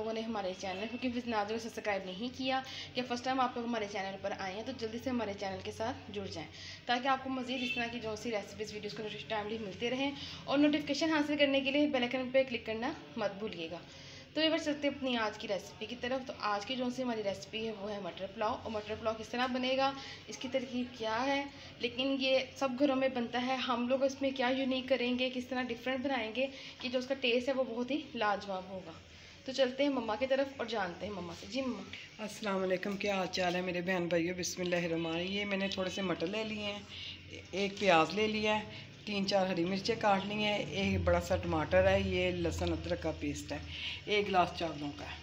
लोगों ने हमारे चैनल क्योंकि नाजर सब्सक्राइब नहीं किया या फर्स्ट टाइम आप लोग हमारे चैनल पर आए हैं तो जल्दी से हमारे चैनल के साथ जुड़ जाएँ ताकि आपको मजीद इस तरह की जो सी रेसिपीज़ वीडियोज़ को टाइमली मिलते रहें और नोटिफिकेशन हासिल करने के लिए बेलकन पर क्लिक करना मत भूलिएगा तो ये बार चलते हैं अपनी आज की रेसिपी की तरफ तो आज की जो सी हमारी रेसिपी है वो है मटर पुलाव और मटर पुलाव किस तरह बनेगा इसकी तरकीब क्या है लेकिन ये सब घरों में बनता है हम लोग इसमें क्या यूनिक करेंगे किस तरह डिफरेंट बनाएंगे कि जो उसका टेस्ट है वो बहुत ही लाजवाब होगा तो चलते हैं मम्मा की तरफ और जानते हैं मम्मा से जी मम्मा अस्सलाम क्या हाल चाल है मेरे बहन भाइयों बिस्मिल्लाहिर्रहमान ये मैंने थोड़े से मटर ले लिए हैं एक प्याज ले लिया है तीन चार हरी मिर्चें काट ली हैं एक बड़ा सा टमाटर है ये लहसुन अदरक का पेस्ट है एक गिलास चावलों का है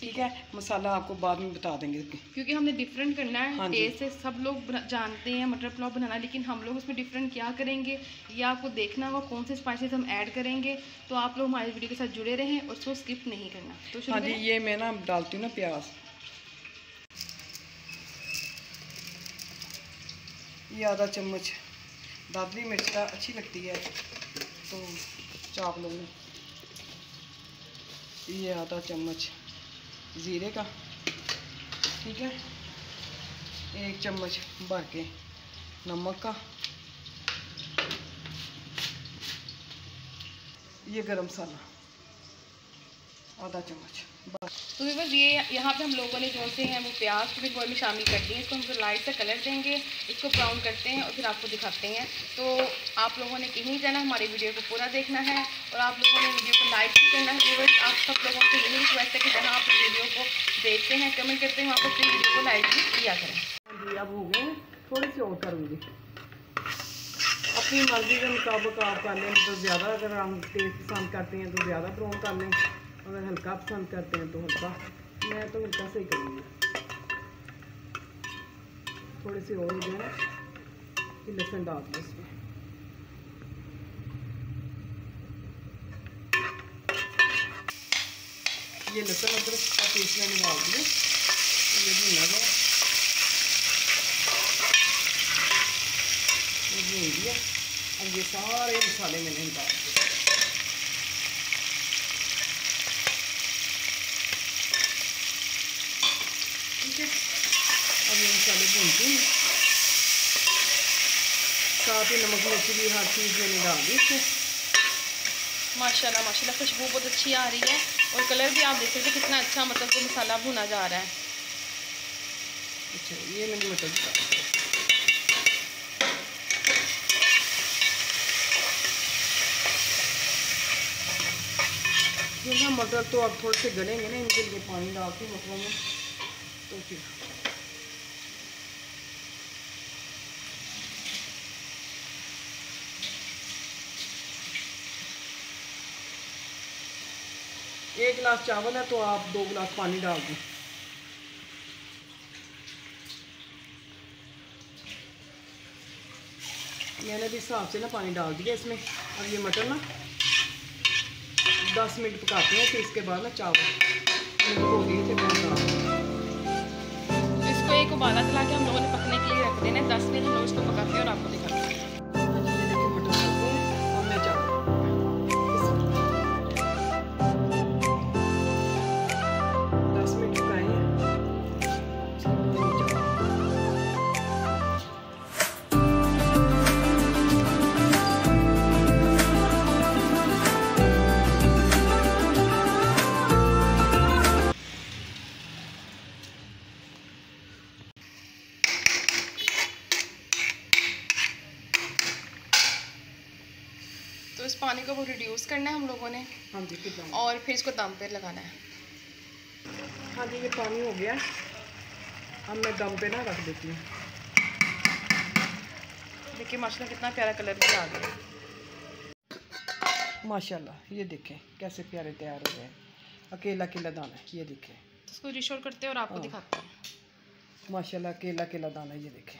ठीक है मसाला आपको बाद में बता देंगे क्योंकि हमने डिफरेंट करना है हाँ से सब लोग जानते हैं मटर पुलाव बनाना लेकिन हम लोग उसमें डिफरेंट क्या करेंगे ये आपको देखना होगा कौन से स्पाइसेस हम ऐड करेंगे तो आप लोग हमारे वीडियो के साथ जुड़े रहें और उसको स्किप नहीं करना तो हाँ जी ये मैं ना डालती हूँ ना प्याज ये आधा चम्मच दादरी मिर्च का अच्छी लगती है तो चाप लेंगे ये आधा चम्मच ज़ीरे का ठीक है एक चम्मच भर के नमक का ये गरम मसाला आधा चम्मच तो बस ये यहाँ पे हम लोगों ने जो से हैं वो प्याज भी गोल में शामिल कर दिए इसको हम लाइट सा कलर देंगे इसको ब्राउन करते हैं और फिर आपको दिखाते हैं तो आप लोगों ने कहीं जाना हमारी वीडियो को पूरा देखना है और आप लोगों ने वीडियो को लाइक भी करना है वीवर्स आप सब लोगों से यही रिक्वेस्ट है कि जहाँ आप वीडियो को देखते हैं कमेंट करते हैं वहाँ पर वीडियो को लाइक भी किया करें अब हो गए थोड़ी सी और करूँगी अपनी मर्ज़ी के मुताबिक आप कर लें तो ज़्यादा अगर हम टेस्ट पसंद करते हैं तो ज़्यादा ब्राउन कर लें अगर हल्का पसंद करते हैं तो हल्का मैं तो हल्का से ही करूँगी थोड़े से और जो है लहसुन डाल दें इसमें ये लहसुन अदरक का पेस्ट मैंने डाल दिया तो ये भी गया ये भी हो गया अब ये सारे मसाले मैंने डाल दिए ये मसाले भूनती हूँ साथ ही नमक मिर्च भी हर चीज़ मैंने डाल दी इसमें माशाल्लाह माशाल्लाह खुशबू बहुत अच्छी आ रही है और कलर भी आप देख सकते कितना अच्छा मतलब कि मसाला भुना जा रहा है अच्छा ये मैंने मटर डाल मटर तो अब थोड़े से गलेंगे ना इनके लिए पानी डाल के मटरों में तो फिर एक गिलास चावल है तो आप दो गिलास पानी डाल दें मैंने भी हिसाब से ना पानी डाल दिया इसमें अब ये मटर ना दस मिनट पकाते हैं फिर इसके बाद ना चावल इसको एक उबाला चला के हम लोगों ने पकने के लिए रख देना दस मिनट हम लोग इसको पकाते हैं और आपको दिखाते हैं पानी को वो रिड्यूस करना है हम लोगों ने हाँ जी और फिर इसको दम पे लगाना है हाँ जी ये पानी हो गया अब मैं दम पे ना रख देती हूँ देखिए माशाल्लाह कितना प्यारा कलर भी आ गया माशाल्लाह ये देखें कैसे प्यारे तैयार हो गए अकेला केला दाना ये देखें तो इसको रिशोर करते हैं और आपको हाँ। दिखाते हैं माशाल्लाह अकेला केला दाना ये देखें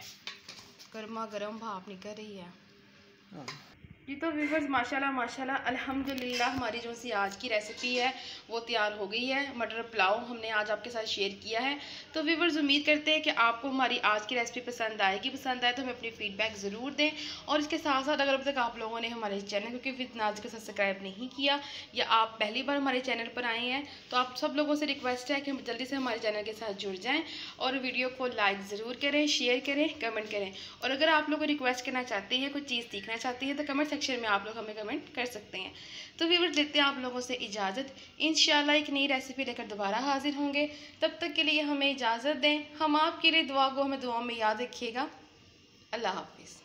गर्मा गर्म भाप निकल रही है हाँ जी तो व्यूवर्स माशाल्लाह माशाल्लाह अल्हम्दुलिल्लाह हमारी जो सी आज की रेसिपी है वो तैयार हो गई है मटर पुलाव हमने आज आपके साथ शेयर किया है तो व्यूवर्स उम्मीद करते हैं कि आपको हमारी आज की रेसिपी पसंद आएगी पसंद आए तो हमें अपनी फीडबैक ज़रूर दें और इसके साथ साथ अगर अब तक आप लोगों ने हमारे चैनल को विद नाज को सब्सक्राइब नहीं किया या आप पहली बार हमारे चैनल पर आए हैं तो आप सब लोगों से रिक्वेस्ट है कि हम जल्दी से हमारे चैनल के साथ जुड़ जाएँ और वीडियो को लाइक ज़रूर करें शेयर करें कमेंट करें और अगर आप लोग रिक्वेस्ट करना चाहते हैं कोई चीज़ सीखना चाहते हैं तो कमेंट सेक्शन में आप लोग हमें कमेंट कर सकते हैं तो व्यूवर्स लेते हैं आप लोगों से इजाज़त इन एक नई रेसिपी लेकर दोबारा हाजिर होंगे तब तक के लिए हमें इजाज़त दें हम आपके लिए दुआ को हमें दुआ में याद रखिएगा अल्लाह हाफिज़